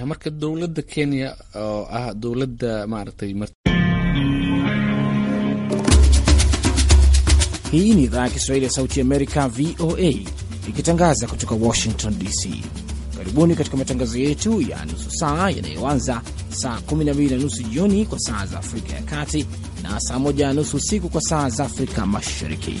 marka dowladda Kenya oo ah dowladda maaragtay hii ni idhaa ya Kiswahili ya Sauti Amerika, VOA, ikitangaza kutoka Washington DC. Karibuni katika matangazo yetu ya nusu saa yanayoanza saa 12 na nusu jioni kwa saa za Afrika ya Kati na saa 1 na nusu usiku kwa saa za Afrika Mashariki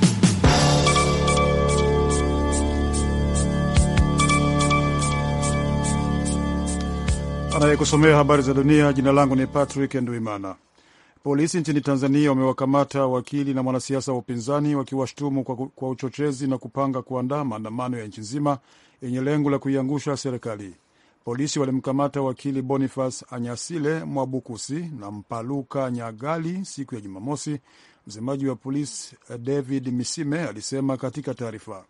Anayekusomea habari za dunia, jina langu ni Patrick Nduimana. Polisi nchini Tanzania wamewakamata wakili na mwanasiasa wa upinzani wakiwashtumu kwa, kwa uchochezi na kupanga kuandaa maandamano ya nchi nzima yenye lengo la kuiangusha serikali. Polisi walimkamata wakili Boniface Anyasile Mwabukusi na Mpaluka Nyagali siku ya Jumamosi. Msemaji wa polisi eh, David Misime alisema katika taarifa.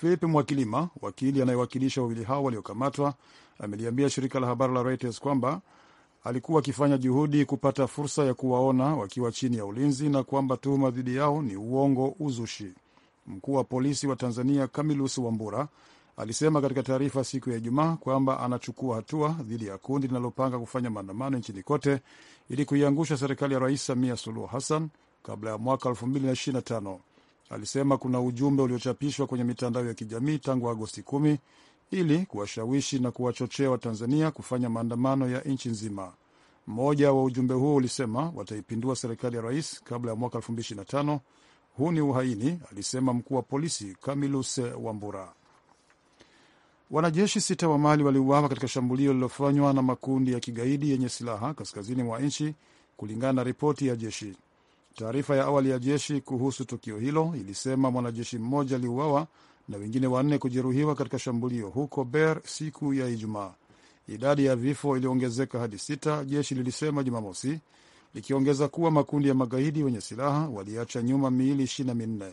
Philip Mwakilima, wakili anayewakilisha wawili hao waliokamatwa, ameliambia shirika la habari la Reuters kwamba alikuwa akifanya juhudi kupata fursa ya kuwaona wakiwa chini ya ulinzi na kwamba tuhuma dhidi yao ni uongo uzushi. Mkuu wa polisi wa Tanzania Kamilus Wambura alisema katika taarifa siku ya Ijumaa kwamba anachukua hatua dhidi ya kundi linalopanga kufanya maandamano nchini kote ili kuiangusha serikali ya Rais Samia Suluhu Hassan kabla ya mwaka 2025. Alisema kuna ujumbe uliochapishwa kwenye mitandao ya kijamii tangu Agosti 10 ili kuwashawishi na kuwachochea Watanzania kufanya maandamano ya nchi nzima. Mmoja wa ujumbe huo ulisema wataipindua serikali ya rais kabla ya mwaka 2025. Huu ni uhaini, alisema mkuu wa polisi Kamilus Wambura. Wanajeshi sita wa Mali waliuawa katika shambulio lililofanywa na makundi ya kigaidi yenye silaha kaskazini mwa nchi, kulingana na ripoti ya jeshi. Taarifa ya awali ya jeshi kuhusu tukio hilo ilisema mwanajeshi mmoja aliuawa na wengine wanne kujeruhiwa katika shambulio huko Ber siku ya Ijumaa. Idadi ya vifo iliongezeka hadi sita, jeshi lilisema Jumamosi, likiongeza kuwa makundi ya magaidi wenye silaha waliacha nyuma miili 24 na minne.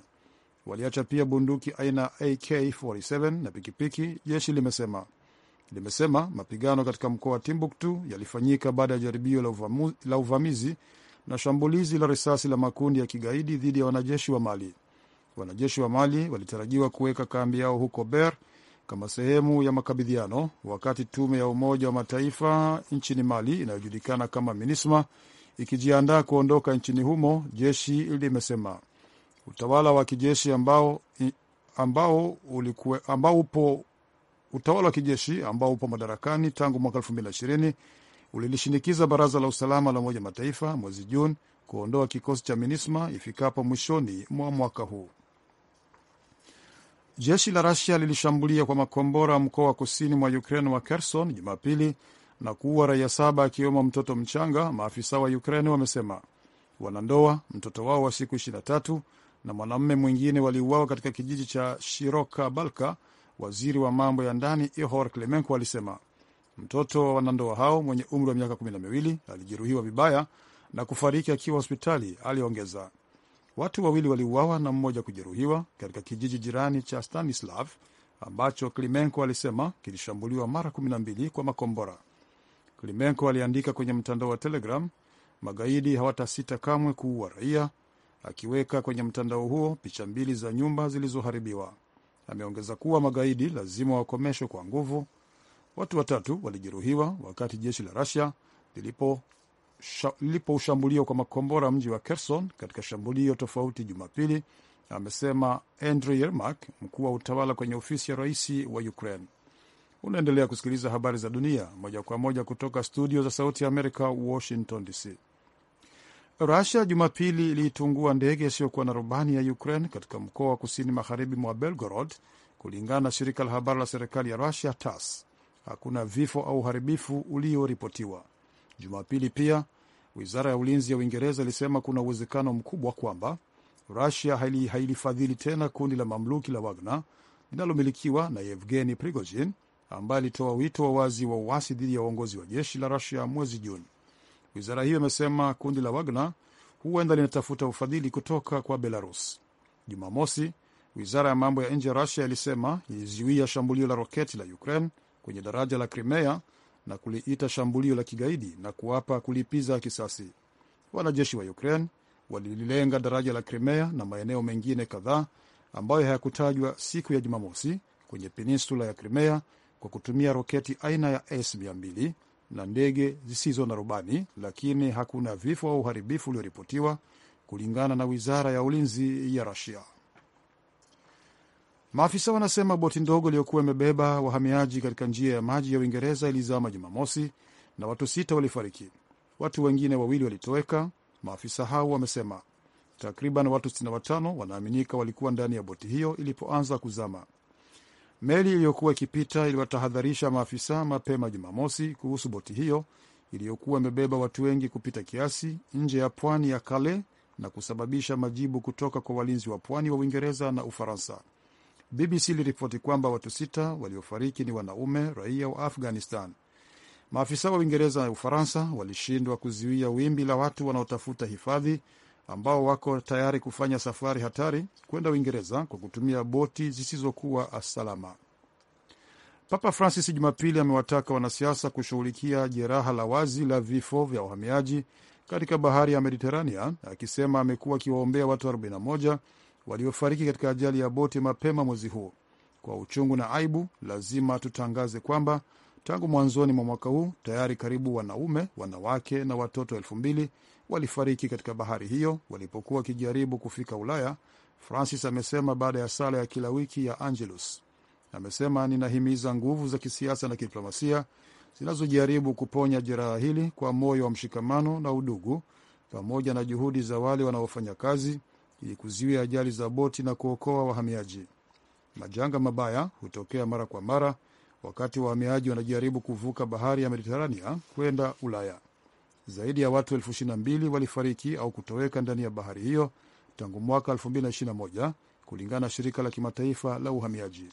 Waliacha pia bunduki aina AK47 na pikipiki, jeshi limesema. Limesema mapigano katika mkoa wa Timbuktu yalifanyika baada ya jaribio la, uvamu, la uvamizi na shambulizi la risasi la makundi ya kigaidi dhidi ya wanajeshi wa Mali. Wanajeshi wa Mali walitarajiwa kuweka kambi yao huko Ber kama sehemu ya makabidhiano, wakati tume ya Umoja wa Mataifa nchini Mali inayojulikana kama MINISMA ikijiandaa kuondoka nchini humo, jeshi limesema. Utawala wa kijeshi ambao, ambao, ulikuwe, ambao upo utawala wa kijeshi ambao upo madarakani tangu mwaka 2020 ulilishinikiza baraza la usalama la Umoja Mataifa mwezi Juni kuondoa kikosi cha MINISMA ifikapo mwishoni mwa mwaka huu. Jeshi la Rasia lilishambulia kwa makombora mkoa wa kusini mwa Ukraine wa Kherson Jumapili na kuua raia saba akiwemo mtoto mchanga, maafisa wa Ukraine wamesema. Wanandoa, mtoto wao wa siku 23 na mwanamume mwingine waliuawa katika kijiji cha Shiroka Balka. Waziri wa mambo ya ndani Ihor Klemenko alisema mtoto wa wanandoa hao mwenye umri wa miaka 1 alijeruhiwa vibaya na kufariki akiwa hospitali, aliongeza. Watu wawili waliuawa na mmoja kujeruhiwa katika kijiji jirani cha Stanislav ambacho Klimenko alisema kilishambuliwa mara 12 kwa makombora. Klimenko aliandika kwenye mtandao wa Telegram, magaidi hawatasita kamwe kuua raia, akiweka kwenye mtandao huo picha mbili za nyumba zilizoharibiwa. Ameongeza kuwa magaidi lazima wakomeshwe kwa nguvu. Watu watatu walijeruhiwa wakati jeshi la Rusia lilipo ushambulio kwa makombora mji wa Kherson katika shambulio tofauti Jumapili, amesema andrew Yermak, mkuu wa utawala kwenye ofisi ya rais wa Ukraine. Unaendelea kusikiliza habari za dunia moja kwa moja kutoka studio za Sauti ya Amerika, Washington DC. Rusia Jumapili iliitungua ndege isiyokuwa na rubani ya Ukraine katika mkoa wa kusini magharibi mwa Belgorod, kulingana na shirika la habari la serikali ya Rusia TASS. Hakuna vifo au uharibifu ulioripotiwa. Jumapili pia wizara ya ulinzi ya Uingereza ilisema kuna uwezekano mkubwa kwamba Rusia hailifadhili tena kundi la mamluki la Wagner linalomilikiwa na Yevgeni Prigozhin, ambaye alitoa wito wa wazi wa uasi dhidi ya uongozi wa jeshi la Rusia mwezi Juni. Wizara hiyo imesema kundi la Wagner huenda linatafuta ufadhili kutoka kwa Belarus. Jumamosi, wizara ya mambo ya nje ya Rusia ilisema ilizuia shambulio la roketi la Ukraine kwenye daraja la Crimea na kuliita shambulio la kigaidi na kuapa kulipiza kisasi. Wanajeshi wa Ukraine walililenga daraja la Crimea na maeneo mengine kadhaa ambayo hayakutajwa siku ya Jumamosi kwenye peninsula ya Crimea kwa kutumia roketi aina ya S200 na ndege zisizo na rubani, lakini hakuna vifo au uharibifu ulioripotiwa kulingana na wizara ya ulinzi ya rasia Maafisa wanasema boti ndogo iliyokuwa imebeba wahamiaji katika njia ya maji ya Uingereza ilizama Jumamosi na watu sita walifariki. Watu wengine wawili walitoweka, maafisa hao wamesema. Takriban watu 65 wanaaminika walikuwa ndani ya boti hiyo ilipoanza kuzama. Meli iliyokuwa ikipita iliwatahadharisha maafisa mapema Jumamosi kuhusu boti hiyo iliyokuwa imebeba watu wengi kupita kiasi nje ya pwani ya Kale na kusababisha majibu kutoka kwa walinzi wa pwani wa Uingereza na Ufaransa. BBC iliripoti kwamba watu sita waliofariki ni wanaume raia wa Afghanistan. Maafisa wa Uingereza na Ufaransa walishindwa kuzuia wimbi la watu wanaotafuta hifadhi ambao wako tayari kufanya safari hatari kwenda Uingereza kwa kutumia boti zisizokuwa salama. Papa Francis Jumapili amewataka wanasiasa kushughulikia jeraha la wazi la vifo vya wahamiaji katika bahari ya Mediterania, akisema amekuwa akiwaombea watu waliofariki katika ajali ya boti mapema mwezi huu. Kwa uchungu na aibu, lazima tutangaze kwamba tangu mwanzoni mwa mwaka huu tayari karibu wanaume, wanawake na watoto elfu mbili walifariki katika bahari hiyo walipokuwa wakijaribu kufika Ulaya, Francis amesema baada ya sala ya kila wiki ya Angelus. Amesema, ninahimiza nguvu za kisiasa na kidiplomasia zinazojaribu kuponya jeraha hili kwa moyo wa mshikamano na udugu, pamoja na juhudi za wale wanaofanya kazi ili kuzuia ajali za boti na kuokoa wahamiaji. Majanga mabaya hutokea mara kwa mara wakati wahamiaji wanajaribu kuvuka bahari ya Mediterania kwenda Ulaya. Zaidi ya watu elfu ishirini na mbili walifariki au kutoweka ndani ya bahari hiyo tangu mwaka 2021 kulingana na shirika la kimataifa la uhamiaji.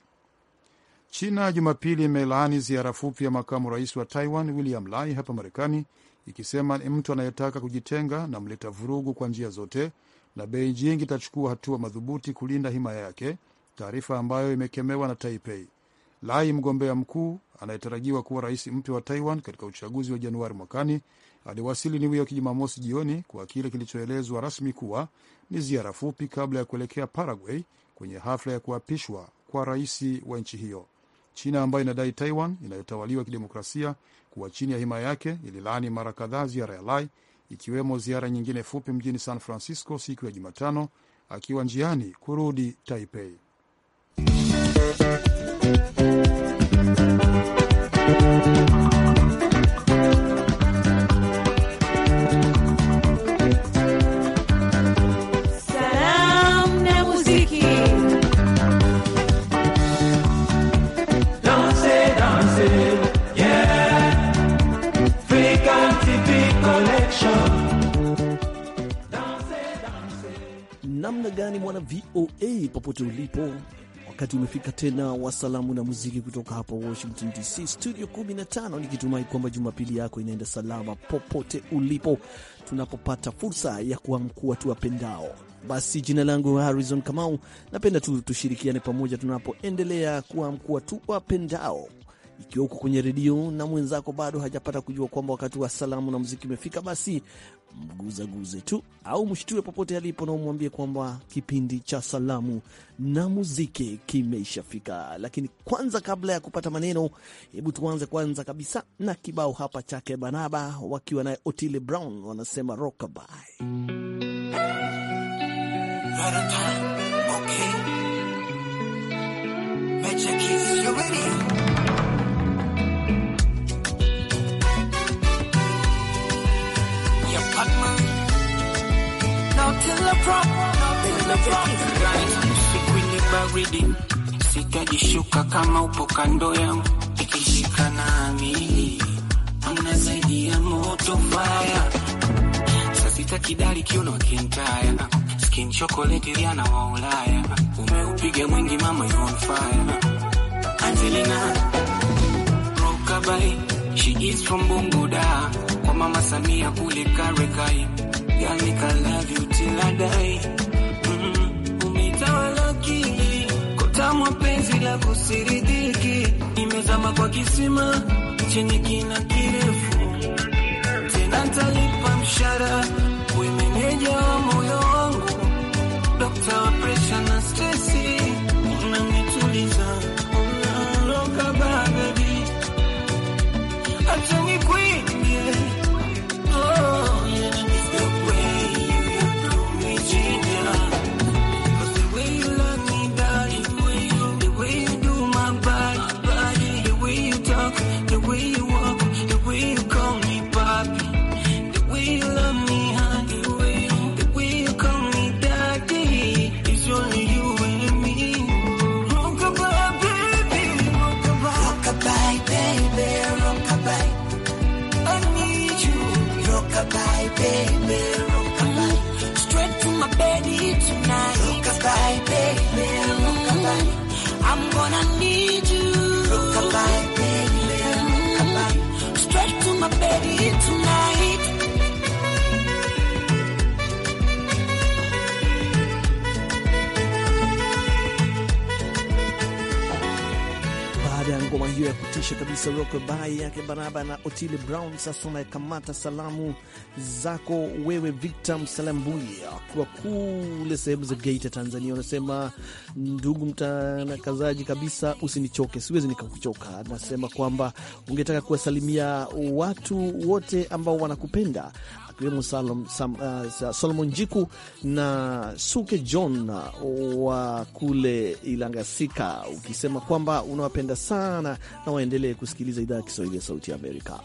China Jumapili imelaani ziara fupi ya makamu rais wa Taiwan William Lai hapa Marekani, ikisema ni mtu anayetaka kujitenga na mleta vurugu kwa njia zote, na Beijing itachukua hatua madhubuti kulinda himaya yake, taarifa ambayo imekemewa na Taipei. Lai, mgombea mkuu anayetarajiwa kuwa rais mpya wa Taiwan katika uchaguzi wa Januari mwakani, aliwasili New York Jumamosi jioni kwa kile kilichoelezwa rasmi kuwa ni ziara fupi kabla ya kuelekea Paraguay kwenye hafla ya kuapishwa kwa rais wa nchi hiyo. China ambayo inadai Taiwan inayotawaliwa kidemokrasia kuwa chini ya himaya yake ililaani mara kadhaa ziara ya Lai ikiwemo ziara nyingine fupi mjini San Francisco siku ya Jumatano akiwa njiani kurudi Taipei. Namna gani mwana VOA popote ulipo, wakati umefika tena wa salamu na muziki kutoka hapa Washington DC studio 15, nikitumai kwamba Jumapili yako inaenda salama popote ulipo, tunapopata fursa ya kuamkua tuwapendao. Basi jina langu Harrison Kamau, napenda tu tushirikiane pamoja tunapoendelea kuamkua tuwapendao ikiwa uko kwenye redio na mwenzako bado hajapata kujua kwamba wakati wa salamu na muziki umefika, basi mguzaguze tu au mshtue popote alipo na umwambie kwamba kipindi cha salamu na muziki kimeishafika. Lakini kwanza, kabla ya kupata maneno, hebu tuanze kwanza kabisa na kibao hapa chake Banaba wakiwa naye Otile Brown wanasema rockabye. Siku ni baridi, sitajishuka kama upo kando yangu, ikishika na amini zaidi ya moto faya. Sasita kidari kiuno kintaya, skin chocolate riana wa Ulaya, umeupiga mwingi mama you on fire. Angelina Rokabai, she is from Bunguda, kwa mama Samia kule Karekai, yani I love you kudai mm, mm-hmm. umetawala akili kotamwa penzi la kusiridiki, imezama kwa kisima chenye kina kirefu, tena talipa mshara, uimenyeja wa moyo wangu dokta ya kutisha kabisa bai yake Baraba na Otile Brown. Sasa unayekamata salamu zako wewe, Victor Msalambuli, akiwa kule sehemu za Geita, Tanzania, unasema ndugu mtanakazaji kabisa, usinichoke, siwezi nikakuchoka. nasema kwamba ungetaka kuwasalimia watu wote ambao wanakupenda, akiwemo uh, Solomon Jiku na Suke John wa kule Ilangasika, ukisema kwamba unawapenda sana na waendelee kusikiliza idhaa ya Kiswahili ya Sauti ya Amerika.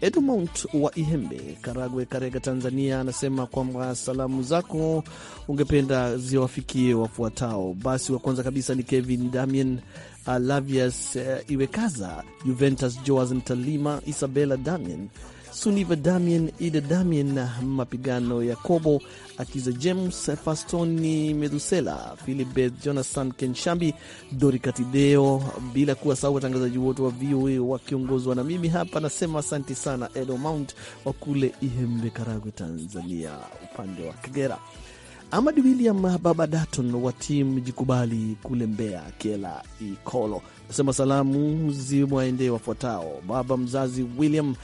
Edmont wa Ihembe, Karagwe, Karega, Tanzania, anasema kwamba salamu zako ungependa ziwafikie wafuatao. Basi wa kwanza kabisa ni Kevin Damien, uh, uh, Iwekaza, Juventus Joas Mtalima, Isabella Damien Suniva Damien, Ida Damien, mapigano ya Kobo, Akiza James, Fastoni Medusela, Philibet Jonathan Kenshambi, Dori Katideo, bila kuwa sahau watangazaji wote wa VOA wakiongozwa na mimi hapa. Nasema asanti sana Edo Mount wa kule Ihembe, Karagwe, Tanzania, upande wa Kagera. Amadi William Baba Daton wa timu Jikubali kule Mbeya, Kela Ikolo nasema salamu zimwaendee wafuatao: baba mzazi William,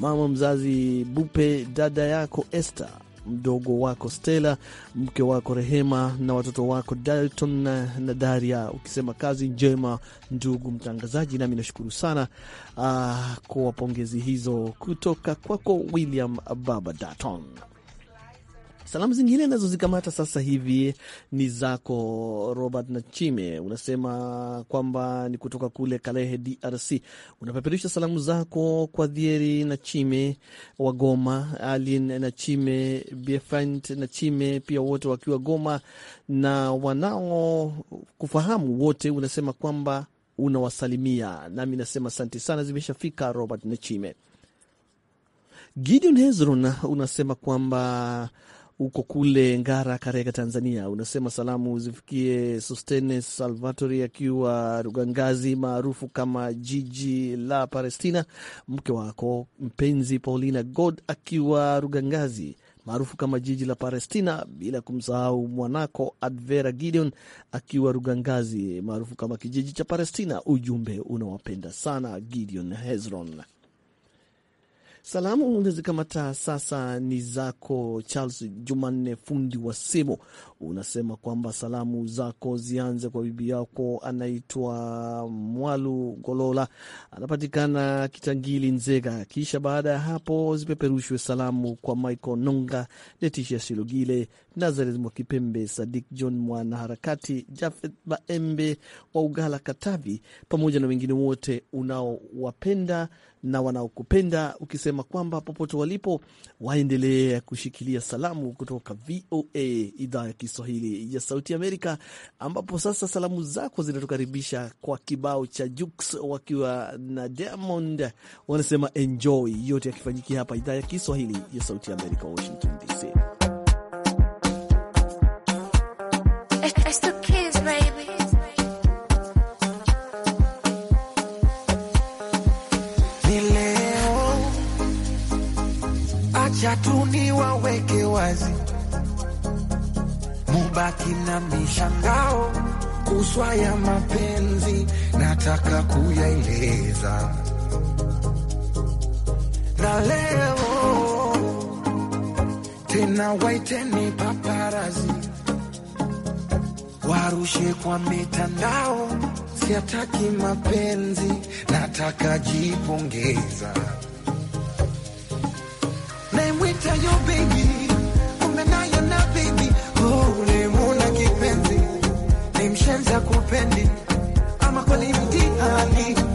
mama mzazi Bupe, dada yako Esther, mdogo wako Stella, mke wako Rehema na watoto wako Dalton na Daria, ukisema kazi njema ndugu mtangazaji. Nami nashukuru sana uh, kwa pongezi hizo kutoka kwako William Baba Daton. Salamu zingine nazozikamata sasa hivi ni zako Robert Nachime, unasema kwamba ni kutoka kule Kalehe, DRC. Unapeperusha salamu zako kwa Dhieri Nachime wa Goma, Alin Nachime, Biefant Nachime, pia wote wakiwa Goma na wanao kufahamu wote. Unasema kwamba unawasalimia, nami nasema asante sana, zimeshafika Robert Nachime. Gideon Hezron unasema kwamba huko kule Ngara, Karega, Tanzania. Unasema salamu zifikie Sostene Salvatori akiwa Rugangazi, maarufu kama jiji la Palestina, mke wako mpenzi Paulina God akiwa Rugangazi maarufu kama jiji la Palestina, bila kumsahau mwanako Advera Gideon akiwa Rugangazi maarufu kama kijiji cha Palestina. Ujumbe unawapenda sana Gideon Hezron. Salamu nazikamata sasa ni zako Charles Jumanne fundi wa simu. Unasema kwamba salamu zako zianze kwa bibi yako anaitwa Mwalu Golola, anapatikana Kitangili, Nzega. Kisha baada ya hapo zipeperushwe salamu kwa Michael Nonga, Letisha Silogile, Nazareth Mwakipembe, Sadik John mwanaharakati, Jafet Baembe wa Ugala, Katavi, pamoja na wengine wote unaowapenda na wanaokupenda ukisema kwamba popote walipo waendelee kushikilia salamu kutoka VOA idhaa ya Kiswahili ya Sauti Amerika, ambapo sasa salamu zako zinatukaribisha kwa kibao cha Jux wakiwa na Diamond, wanasema enjoy. Yote yakifanyikia hapa idhaa ya Kiswahili ya Sauti Amerika, Washington DC. Eh, eh, Acha tu niwaweke wazi, mubaki na mishangao kuswa ya mapenzi, nataka kuyaeleza na leo tena, waiteni paparazi warushe kwa mitandao, siataki mapenzi, nataka jipongeza Oh, Nimeshaanza kupendi ama kweli mtihani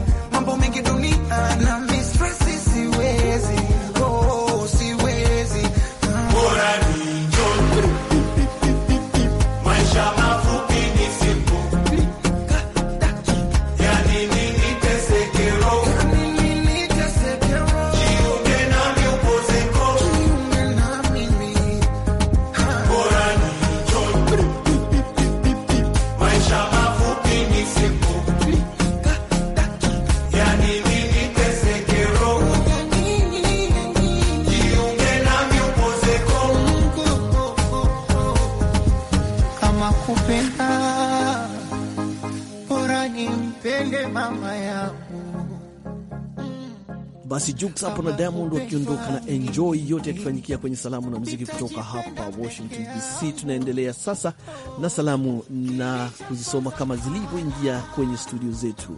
Jux hapo na Diamond wakiondoka na enjoy, yote yakifanyikia kwenye salamu na muziki kutoka hapa Washington DC. Tunaendelea sasa na salamu na kuzisoma kama zilivyoingia kwenye studio zetu.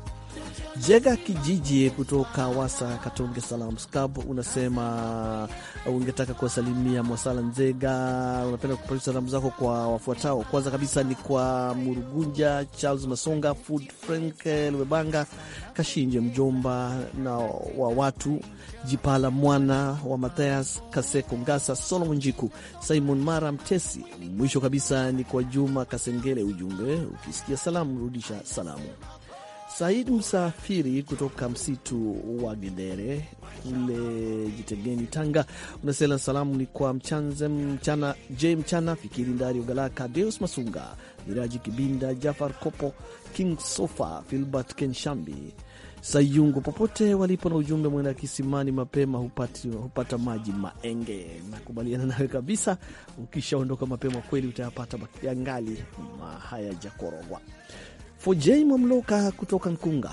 Jega Kijiji kutoka Wasa Katonge Salams Club unasema uh, ungetaka kuwasalimia Mwasala Nzega, unapenda kupatia salamu zako kwa wafuatao. Kwanza kabisa ni kwa Murugunja Charles Masonga, Food Frank eh, Lwebanga, Kashinje mjomba na wa watu Jipala, mwana wa Mathias Kaseko Ngasa, Solomon Jiku, Simon Mara Mtesi. Mwisho kabisa ni kwa Juma Kasengele, ujumbe ukisikia salamu rudisha salamu. Said Msafiri kutoka msitu wa Gedere kule Jitegeni, Tanga, unasela salamu ni kwa Mchanze Mchana, J Mchana, Fikiri Ndari, Ugalaka, Deus Masunga, Miraji Kibinda, Jafar Kopo, King Sofa, Filbert Kenshambi Sayungu popote walipo, na ujumbe mwenda kisimani mapema hupati, hupata maji maenge. Nakubaliana nawe kabisa, ukishaondoka mapema kweli utayapata yangali jakorogwa 4J Mamloka kutoka Nkunga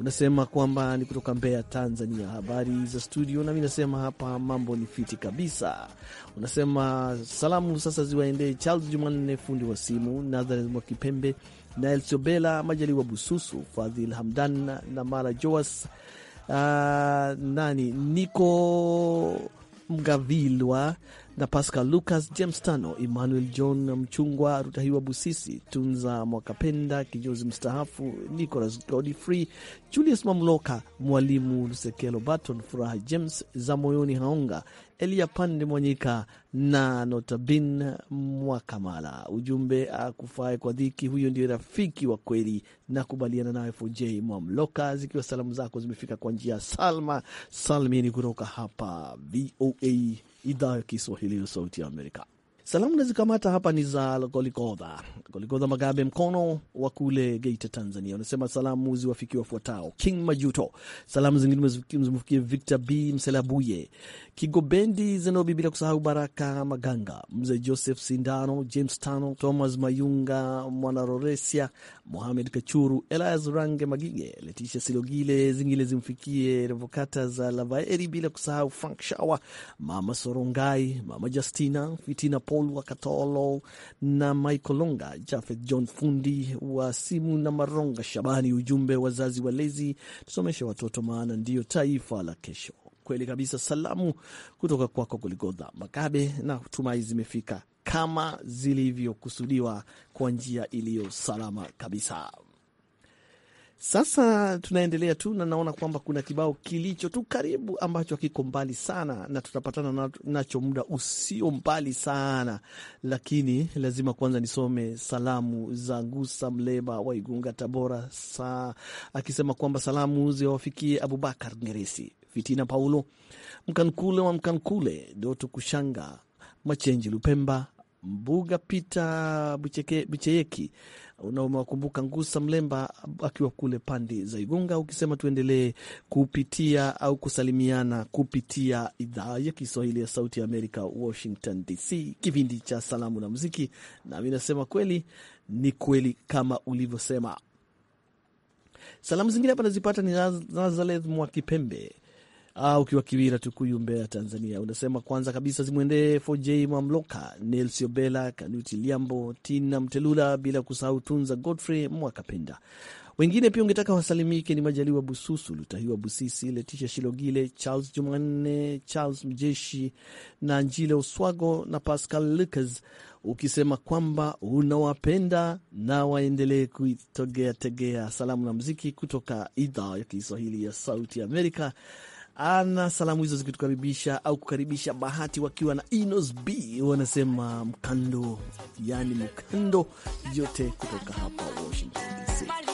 unasema kwamba ni kutoka Mbeya, Tanzania. Habari za studio, nami nasema hapa mambo ni fiti kabisa. Unasema salamu sasa ziwaendee Charles Jumanne, fundi wa simu, Nazareth Mwakipembe na Elsobela Majaliwa Bususu, Fadhil Hamdan na Mara Joas, uh, nani niko Mgavilwa na Pascal Lucas, James Tano, Emmanuel John Mchungwa, Rutahiwa Busisi, Tunza Mwakapenda, kinyozi mstaafu, Nicolas Godfrey, Julius Mamloka, Mwalimu Lusekelo Baton, Furaha James za Moyoni, Haonga Elia Pande Mwanyika na Notabin Mwakamala. Ujumbe akufae kwa dhiki, huyo ndio rafiki wa kweli. Na kubaliana nawe FJ Mwamloka, zikiwa salamu zako zimefika kwa njia ya Salma Salmini kutoka hapa VOA idhaa ya Kiswahili ya Sauti ya Amerika. Salamu nazikamata hapa ni za Golikodha Golikodha Magabe mkono wa kule Geita, Tanzania. Unasema salamu ziwafikie wafuatao: King Majuto, salamu zingine zimfikie Victor B Mselabuye, Kigobendi Zenobi, bila kusahau Baraka Maganga, Mzee Joseph Sindano, James Tano, Thomas Mayunga, Mwanaroresia, Mohamed Kachuru, Elias Range Magige, Letisha Silogile, zingine zimfikie Revokata za Lavaeri, bila kusahau Frank Shawa, Mama Sorongai, Mama Justina Fitina po Paul Wakatolo na Longa, Jafet John Fundi wa simu na Maronga Shabani. Ujumbe, wazazi walezi, tusomeshe watoto, maana ndiyo taifa la kesho. Kweli kabisa. Salamu kutoka kwako Kuligodha Makabe na tumai zimefika kama zilivyokusudiwa kwa njia iliyo salama kabisa. Sasa tunaendelea tu na naona kwamba kuna kibao kilicho tu karibu ambacho akiko mbali sana, na tutapatana nacho muda usio mbali sana, lakini lazima kwanza nisome salamu za Gusa Mleba wa Igunga, Tabora, saa akisema kwamba salamu ziwafikie Abubakar Ngeresi, Fitina Paulo, Mkankule wa Mkankule, Doto Kushanga, Machenji Lupemba, Mbuga Peter Bucheke, Bucheyeki, unawakumbuka Ngusa Mlemba akiwa kule pande za Igunga, ukisema tuendelee kupitia au kusalimiana kupitia idhaa ya Kiswahili ya Sauti ya Amerika, Washington DC, kipindi cha Salamu na Muziki. Nami nasema kweli ni kweli kama ulivyosema. Salamu zingine hapa nazipata ni Nazareth Mwakipembe uh, ukiwa Kiwira, Tukuyu, Mbeya, Tanzania. Unasema kwanza kabisa zimwendee FJ Mwamloka, Nelsio Bela, Kanuti Liambo, Tina Mtelula, bila kusahau Tunza Godfrey Mwakapenda. Wengine pia ungetaka wasalimike ni Majaliwa Bususu, Lutahiwa Busisi, Letisha Shilogile, Charles Jumanne, Charles Mjeshi na Njile Oswago na Pascal Lucas, ukisema kwamba unawapenda na waendelee kuitegeategea salamu na mziki kutoka idhaa ya Kiswahili ya Sauti ya Amerika ana salamu hizo zikitukaribisha au kukaribisha Bahati wakiwa na Inos B wanasema mkando, yani mkando yote kutoka hapa Washington DC.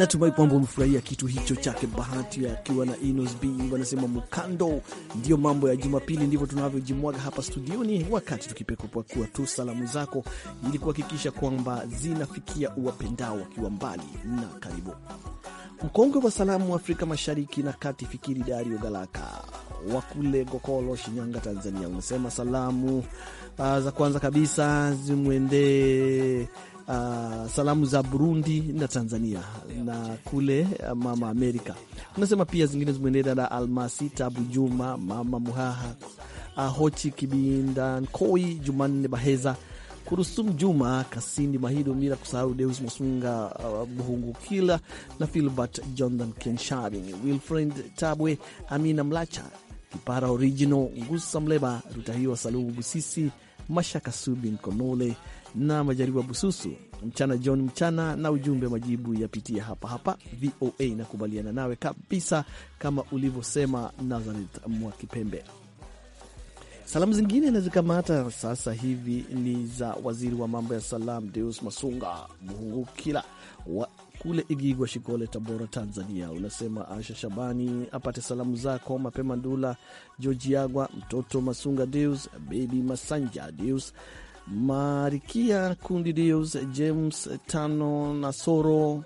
Natumai kwamba umefurahia kitu hicho chake Bahati akiwa na Inos B wanasema mkando. Ndiyo mambo ya Jumapili, ndivyo tunavyojimwaga hapa studioni, wakati tukipekupakua tu salamu zako ili kuhakikisha kwamba zinafikia uwapendao wakiwa mbali na karibu. Mkongwe wa salamu Afrika Mashariki na Kati, Fikiri Dario Galaka wa kule Gokolo, Shinyanga, Tanzania, unasema salamu ah, za kwanza kabisa zimwendee uh, salamu za Burundi na Tanzania na kule ah, mama Amerika. Unasema pia zingine zimeendelea na Almasi Tabu Juma, mama Muhaha, Ahochi ah, Kibinda Nkoi, Jumanne Baheza, Kurusum Juma Kasindi Mahido, bila kusahau Deus Masunga, uh, Kila na Filbert Jonathan Kensharing, Wilfred Tabwe, Amina Mlacha Kipara Original, Ngusa Mleba, Rutahiwa Salumu Busisi, Mashaka Subi Nkonole na Majariwa Bususu, Mchana John Mchana na ujumbe, majibu yapitia hapa hapa VOA. Nakubaliana nawe kabisa kama ulivyosema, Nazareth Mwakipembe. Salamu zingine nazikamata sasa hivi ni za waziri wa mambo ya salam Deus Masunga Muhungukila wa kule Igigwa, Shikole, Tabora, Tanzania. Unasema Asha Shabani apate salamu zako mapema, Ndula jojiagwa mtoto Masunga Deus, Bebi Masanja Deus Marikia Kundi, Deus James Tano na Soro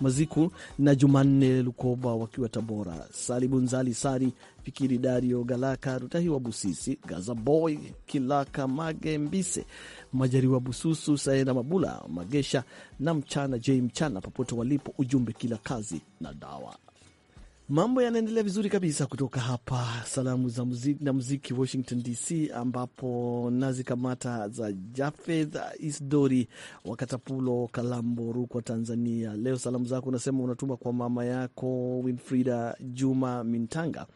Maziku na Jumanne Lukoba wakiwa Tabora, Salibunzali Sari Fikiri, Dario Galaka, Rutahiwa Busisi, Gazaboy Kilaka, Mage Mbise, Majariwa Bususu, Saena Mabula Magesha na Mchana J Mchana, popote walipo, ujumbe kila kazi na dawa Mambo yanaendelea vizuri kabisa kutoka hapa salamu za muziki, na muziki Washington DC, ambapo nazi kamata za Jafeth Isdori Wakatapulo Kalambo, Rukwa, Tanzania. Leo salamu zako unasema unatuma kwa mama yako Winfrida Juma Mintanga,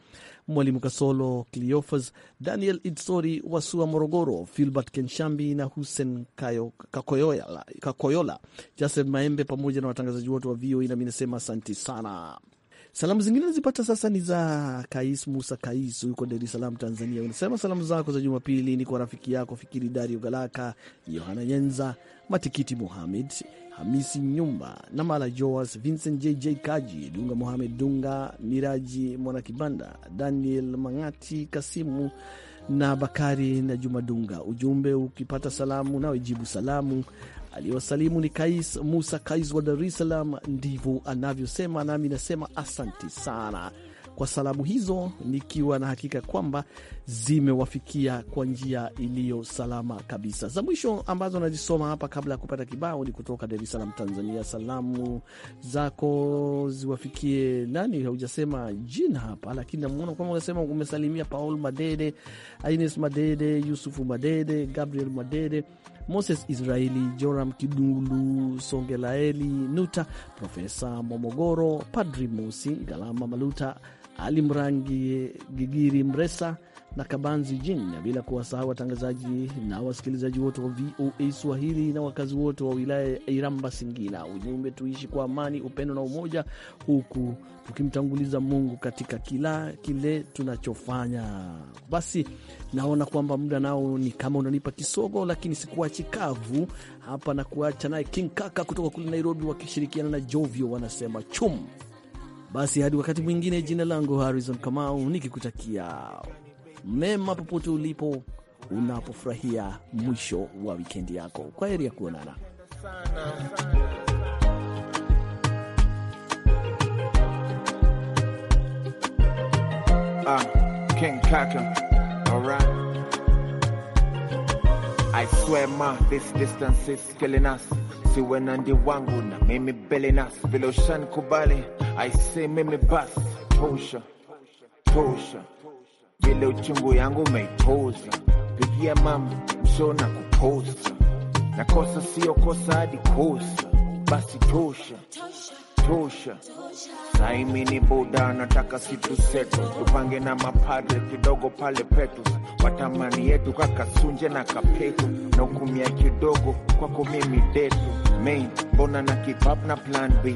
Mwalimu Kasolo, Cleofas Daniel Idsori Wasua, Morogoro, Filbert Kenshambi na Hussein Kakoyola, Kakoyola Maembe, pamoja na watangazaji wote wa VOA. E, nami nasema asanti sana. Salamu zingine nazipata sasa ni za Kais Musa Kais, yuko Dar es Salaam, Tanzania. Unasema salamu zako za Jumapili ni kwa rafiki yako Fikiri Dario Galaka, Yohana Nyenza, Matikiti Muhamed, Hamisi Nyumba na Mala Joas, Vincent JJ Kaji, Dunga Muhamed Dunga, Miraji Mwanakibanda, Daniel Mangati, Kasimu na Bakari na jumadunga Ujumbe, ukipata salamu nawe jibu salamu. Aliyewasalimu ni Kais Musa Kais wa Dar es Salaam, ndivyo anavyosema, nami nasema asanti sana kwa salamu hizo, nikiwa na hakika kwamba zimewafikia kwa njia iliyo salama kabisa. Za mwisho ambazo nazisoma hapa kabla ya kupata kibao ni kutoka Dar es Salaam, Tanzania. Salamu zako ziwafikie nani? Haujasema jina hapa, lakini namwona kwamba unasema umesalimia Paul Madede, Ines Madede, Yusufu Madede, Gabriel Madede Moses Israeli, Joram Kidulu, Songelaeli Nuta, Profesa Momogoro, Padri Musi Galama Maluta, Ali Mrangi Gigiri Mresa na Kabanzi Jin, na bila kuwasahau watangazaji na wasikilizaji wote wa VOA Swahili na wakazi wote wa wilaya ya Iramba Singila. Ujumbe, tuishi kwa amani, upendo na umoja, huku tukimtanguliza Mungu katika kila kile tunachofanya. Basi naona kwamba muda nao ni kama unanipa kisogo, lakini sikuachi kavu hapa na kuacha naye King Kaka kutoka kule Nairobi, wakishirikiana na Jovyo wanasema chum. Basi hadi wakati mwingine, jina langu Harrison Kamau nikikutakia mema popote ulipo unapofurahia mwisho wa wikendi yako. Kwa heri ya kuonana. Uh, King Kaka. All right. I swear ma, this distance is killing us. Siwe na ndi wangu na mimi belenas viloshan kubali ushanikubali. I say mimi bas tosha tosha vile uchungu yangu umeipoza, pigia mama msona na kupoza, na kosa siyo kosa hadi kosa, basi tosha tosha. Saimi ni boda, nataka seto, tupange na mapadre kidogo pale petu, watamani yetu kakasunje na kapetu, na ukumia kidogo kwako mimi detu main, mbona na kipap na plan B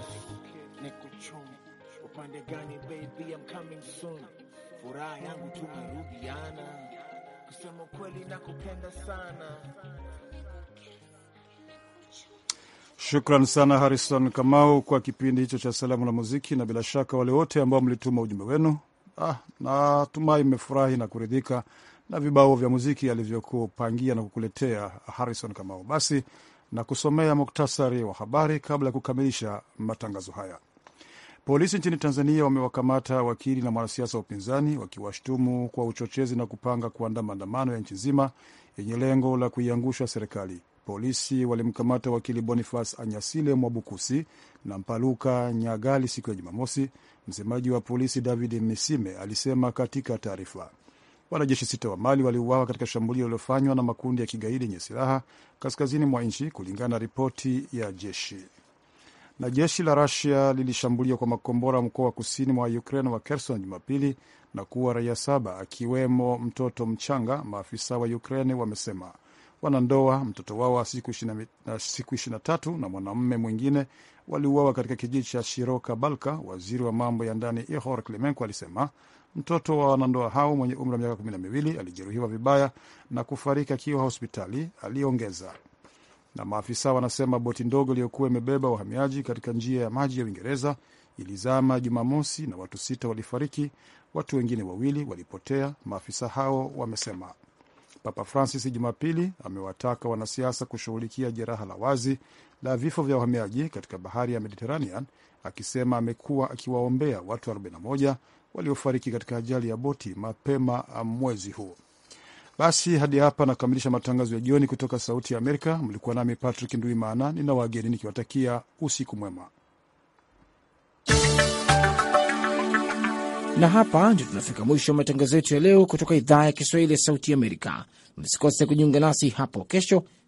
kesho ni upande gani baby, I'm coming soon. Furaha yangu tumerudiana, kusema kweli nakupenda sana. Shukran sana Harrison Kamau kwa kipindi hicho cha salamu na muziki, na bila shaka wale wote ambao mlituma ujumbe wenu. Ah, natumai mmefurahi na kuridhika na vibao vya muziki alivyokupangia na kukuletea Harrison Kamau. Basi na kusomea muktasari wa habari kabla ya kukamilisha matangazo haya. Polisi nchini Tanzania wamewakamata wakili na mwanasiasa wa upinzani wakiwashtumu kwa uchochezi na kupanga kuandaa maandamano ya nchi nzima yenye lengo la kuiangusha serikali. Polisi walimkamata wakili Boniface Anyasile Mwabukusi na Mpaluka Nyagali siku ya Jumamosi. Msemaji wa polisi David Misime alisema katika taarifa Wanajeshi sita wa Mali waliuawa katika shambulio lililofanywa na makundi ya kigaidi yenye silaha kaskazini mwa nchi, kulingana na ripoti ya jeshi. Na jeshi la Rusia lilishambulia kwa makombora mkoa wa kusini mwa Ukraine wa Kherson Jumapili na kuua raia saba, akiwemo mtoto mchanga, maafisa wa Ukraine wamesema. Wanandoa, mtoto wao wa siku 23 na mwanamume mwingine waliuawa katika kijiji cha Shiroka Balka. Waziri wa mambo ya ndani Ihor Klimenko alisema Mtoto wa wanandoa hao mwenye umri wa miaka kumi na miwili alijeruhiwa vibaya na kufariki akiwa hospitali, aliongeza. Na maafisa wanasema boti ndogo iliyokuwa imebeba wahamiaji katika njia ya maji ya Uingereza ilizama Jumamosi na watu sita walifariki, watu wengine wawili walipotea, maafisa hao wamesema. Papa Francis Jumapili amewataka wanasiasa kushughulikia jeraha la wazi la vifo vya wahamiaji katika bahari ya Mediterranean, akisema amekuwa akiwaombea watu waliofariki katika ajali ya boti mapema mwezi huu. Basi hadi hapa nakamilisha matangazo ya jioni kutoka Sauti ya Amerika. Mlikuwa nami Patrick Nduimana, nina wageni nikiwatakia usiku mwema. Na hapa ndio tunafika mwisho wa matangazo yetu ya leo kutoka idhaa ya Kiswahili ya Sauti Amerika. Msikose kujiunga nasi hapo kesho